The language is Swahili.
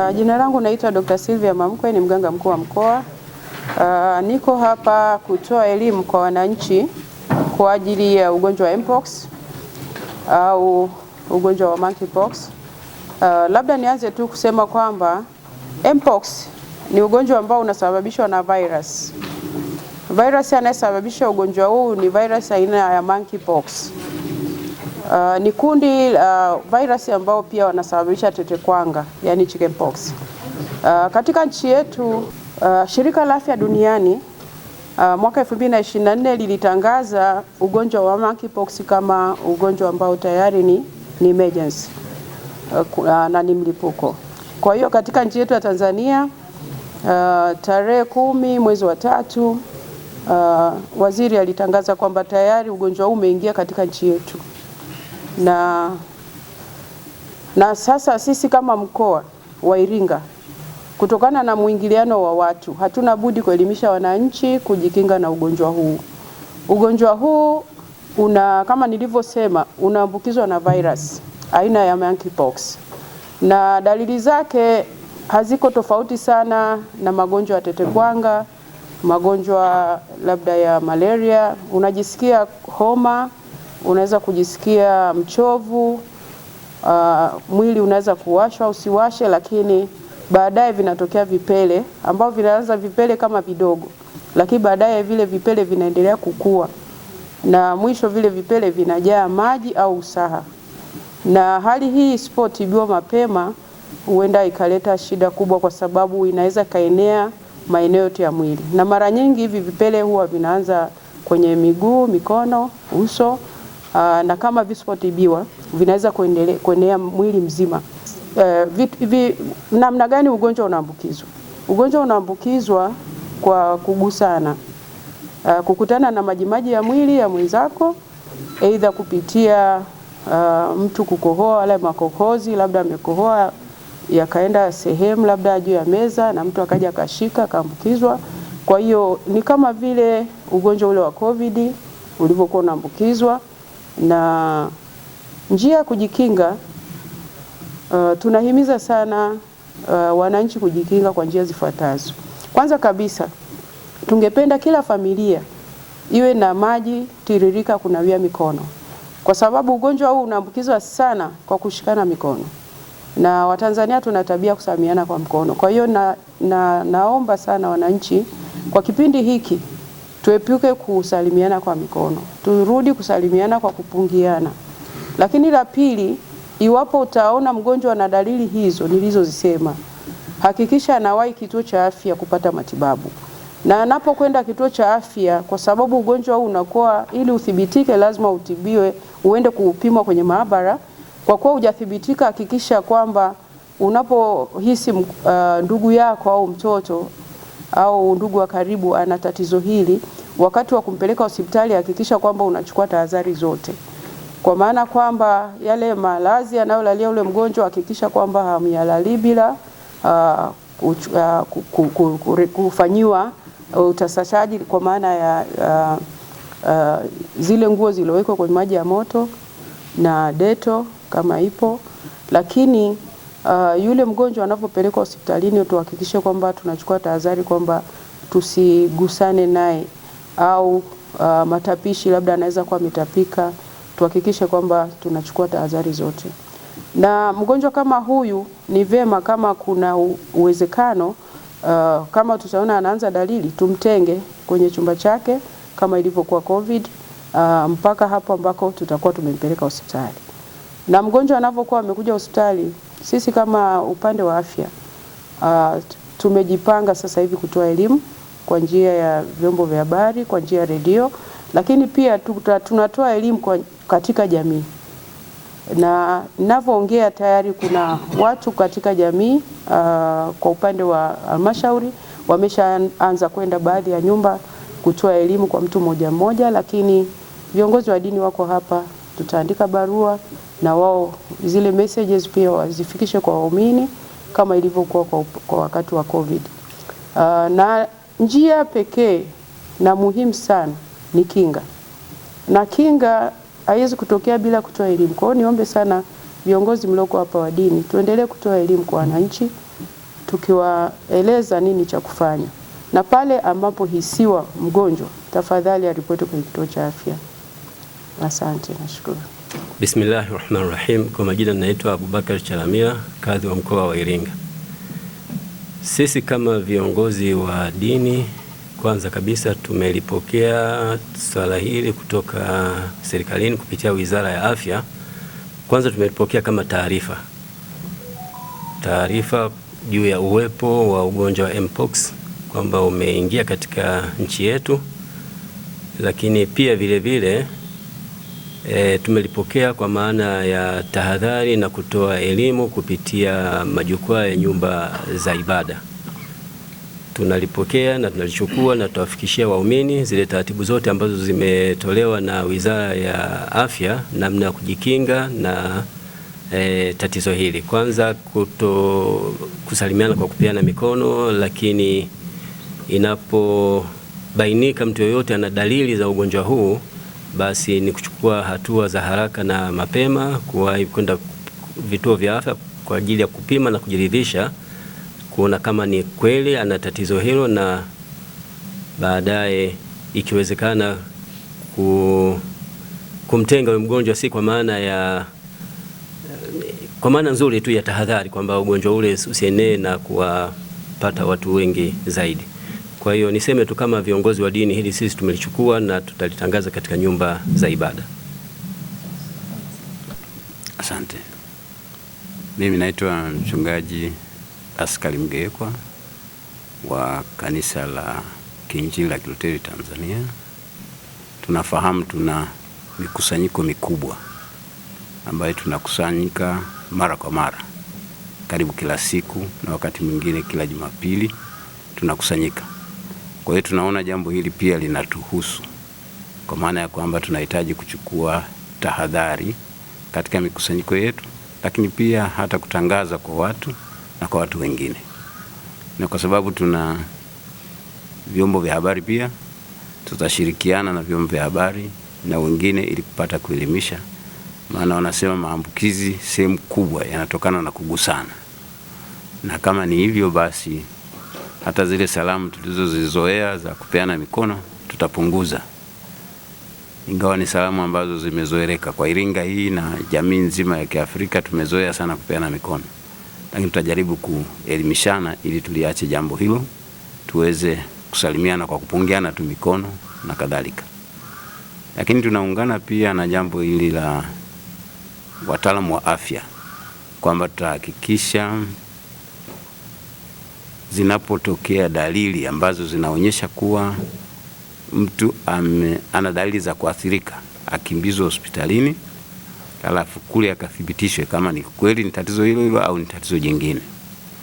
Uh, jina langu naitwa Dr. sylvia Mamkwe ni mganga mkuu wa mkoa. Uh, niko hapa kutoa elimu kwa wananchi kwa ajili ya ugonjwa wa mpox au ugonjwa wa monkeypox. Uh, labda nianze tu kusema kwamba mpox ni ugonjwa ambao unasababishwa na virus. Virus anayesababisha ugonjwa huu ni virus aina ya monkeypox. Uh, ni kundi uh, virusi ambao pia wanasababisha tetekwanga yani chickenpox. Uh, katika nchi yetu uh, shirika la afya duniani uh, mwaka 2024 lilitangaza ugonjwa wa monkeypox kama ugonjwa ambao tayari ni, ni emergency uh, uh, na ni mlipuko. Kwa hiyo katika nchi yetu ya Tanzania uh, tarehe kumi mwezi wa tatu uh, waziri alitangaza kwamba tayari ugonjwa huu umeingia katika nchi yetu na, na sasa sisi kama mkoa wa Iringa kutokana na mwingiliano wa watu hatuna budi kuelimisha wananchi kujikinga na ugonjwa huu. Ugonjwa huu una kama nilivyosema, unaambukizwa na virus aina ya monkeypox na dalili zake haziko tofauti sana na magonjwa ya tetekwanga, magonjwa labda ya malaria, unajisikia homa unaweza kujisikia mchovu, uh, mwili unaweza kuwashwa au usiwashe, lakini baadaye vinatokea vipele ambao vinaanza vipele kama vidogo, lakini baadaye vile vipele vinaendelea kukua na mwisho vile vipele vinajaa maji au usaha, na hali hii isipotibiwa mapema huenda ikaleta shida kubwa, kwa sababu inaweza kaenea maeneo yote ya mwili, na mara nyingi hivi vipele huwa vinaanza kwenye miguu, mikono, uso. Uh, na kama visipotibiwa vinaweza kuenea mwili mzima. Uh, vit, vi, namna gani ugonjwa unaambukizwa? Ugonjwa unaambukizwa kwa kugusana, uh, kukutana na majimaji ya mwili ya mwenzako, aidha kupitia uh, mtu kukohoa, wale makohozi, labda amekohoa yakaenda sehemu labda juu ya meza na mtu akaja akashika akaambukizwa. Kwa hiyo ni kama vile ugonjwa ule wa COVID ulivyokuwa unaambukizwa na njia ya kujikinga uh, tunahimiza sana uh, wananchi kujikinga kwa njia zifuatazo. Kwanza kabisa, tungependa kila familia iwe na maji tiririka kunawia mikono, kwa sababu ugonjwa huu unaambukizwa sana kwa kushikana mikono, na Watanzania tuna tabia kusalimiana kwa mkono. Kwa hiyo na, na, naomba sana wananchi kwa kipindi hiki tuepuke kusalimiana kwa mikono, turudi kusalimiana kwa kupungiana. Lakini la pili, iwapo utaona mgonjwa na dalili hizo nilizozisema, hakikisha anawahi kituo cha afya kupata matibabu, na anapokwenda kituo cha afya, kwa sababu ugonjwa huu unakuwa, ili uthibitike lazima utibiwe, uende kupimwa kwenye maabara. Kwa kuwa hujathibitika, hakikisha kwamba unapohisi uh, ndugu yako au mtoto au ndugu wa karibu ana tatizo hili wakati wa kumpeleka hospitali hakikisha kwamba unachukua tahadhari zote, kwa maana kwamba yale malazi yanayolalia ule mgonjwa hakikisha kwamba hamyalali bila ah, ah, uh, uh, kufanyiwa utasashaji kwa maana ya uh, uh, zile nguo zilizowekwa kwenye maji ya moto na deto kama ipo, lakini uh, yule mgonjwa anapopelekwa hospitalini tuhakikishe kwamba tunachukua tahadhari kwamba tusigusane naye au uh, matapishi labda anaweza kuwa ametapika, tuhakikishe kwamba tunachukua tahadhari zote. Na mgonjwa kama huyu ni vema kama kuna uwezekano uh, kama tutaona anaanza dalili tumtenge kwenye chumba chake kama ilivyokuwa COVID uh, mpaka hapo ambako tutakuwa tumempeleka hospitali. Na mgonjwa anapokuwa amekuja hospitali, sisi kama upande wa afya uh, tumejipanga sasa hivi kutoa elimu kwa njia ya vyombo vya habari, kwa njia ya redio, lakini pia tuta, tunatoa elimu kwa, katika jamii na ninavyoongea tayari kuna watu katika jamii uh, kwa upande wa halmashauri wameshaanza kwenda baadhi ya nyumba kutoa elimu kwa mtu mmoja mmoja, lakini viongozi wa dini wako hapa, tutaandika barua na wao zile messages pia wazifikishe kwa waumini kama ilivyokuwa kwa, kwa wakati wa COVID. Uh, na Njia pekee na muhimu sana ni kinga, na kinga haiwezi kutokea bila kutoa elimu. Kwa hiyo niombe sana viongozi mlioko hapa wa dini, tuendelee kutoa elimu kwa wananchi, tukiwaeleza nini cha kufanya, na pale ambapo hisiwa mgonjwa, tafadhali aripoti kwenye kituo cha afya. Asante, nashukuru. Bismillahir Rahim. Kwa majina ninaitwa Abubakar Chalamila, kadhi wa mkoa wa Iringa. Sisi kama viongozi wa dini, kwanza kabisa tumelipokea swala hili kutoka serikalini kupitia Wizara ya Afya. Kwanza tumelipokea kama taarifa taarifa juu ya uwepo wa ugonjwa wa mpox kwamba umeingia katika nchi yetu, lakini pia vilevile E, tumelipokea kwa maana ya tahadhari na kutoa elimu kupitia majukwaa ya nyumba za ibada. Tunalipokea na tunalichukua na tutawafikishia waumini zile taratibu zote ambazo zimetolewa na Wizara ya Afya namna ya kujikinga na e, tatizo hili. Kwanza kuto kusalimiana kwa kupeana mikono, lakini inapobainika mtu yoyote ana dalili za ugonjwa huu basi ni kuchukua hatua za haraka na mapema, kuwahi kwenda vituo vya afya kwa ajili ya kupima na kujiridhisha kuona kama ni kweli ana tatizo hilo, na baadaye ikiwezekana ku, kumtenga huyo mgonjwa, si kwa maana ya kwa maana nzuri tu ya tahadhari kwamba ugonjwa ule usienee na kuwapata watu wengi zaidi. Kwa hiyo niseme tu kama viongozi wa dini, hili sisi tumelichukua na tutalitangaza katika nyumba za ibada. Asante. Mimi naitwa mchungaji Askari Mgeekwa wa kanisa la Kiinjili la Kiluteri Tanzania. Tunafahamu tuna mikusanyiko mikubwa ambayo tunakusanyika mara kwa mara, karibu kila siku na wakati mwingine kila Jumapili tunakusanyika. Kwa hiyo tunaona jambo hili pia linatuhusu kwa maana ya kwamba tunahitaji kuchukua tahadhari katika mikusanyiko yetu, lakini pia hata kutangaza kwa watu na kwa watu wengine, na kwa sababu tuna vyombo vya habari pia tutashirikiana na vyombo vya habari na wengine ili kupata kuelimisha, maana wanasema maambukizi sehemu kubwa yanatokana na kugusana, na kama ni hivyo basi hata zile salamu tulizozizoea za kupeana mikono tutapunguza, ingawa ni salamu ambazo zimezoeleka kwa Iringa hii na jamii nzima ya Kiafrika. Tumezoea sana kupeana mikono, lakini tutajaribu kuelimishana ili tuliache jambo hilo, tuweze kusalimiana kwa kupungiana tu mikono na kadhalika. Lakini tunaungana pia na jambo hili la wataalamu wa afya kwamba tutahakikisha zinapotokea dalili ambazo zinaonyesha kuwa mtu ame, ana dalili za kuathirika akimbizwa hospitalini, alafu kule akathibitishwe kama ni kweli ni tatizo hilo hilo au ni tatizo jingine.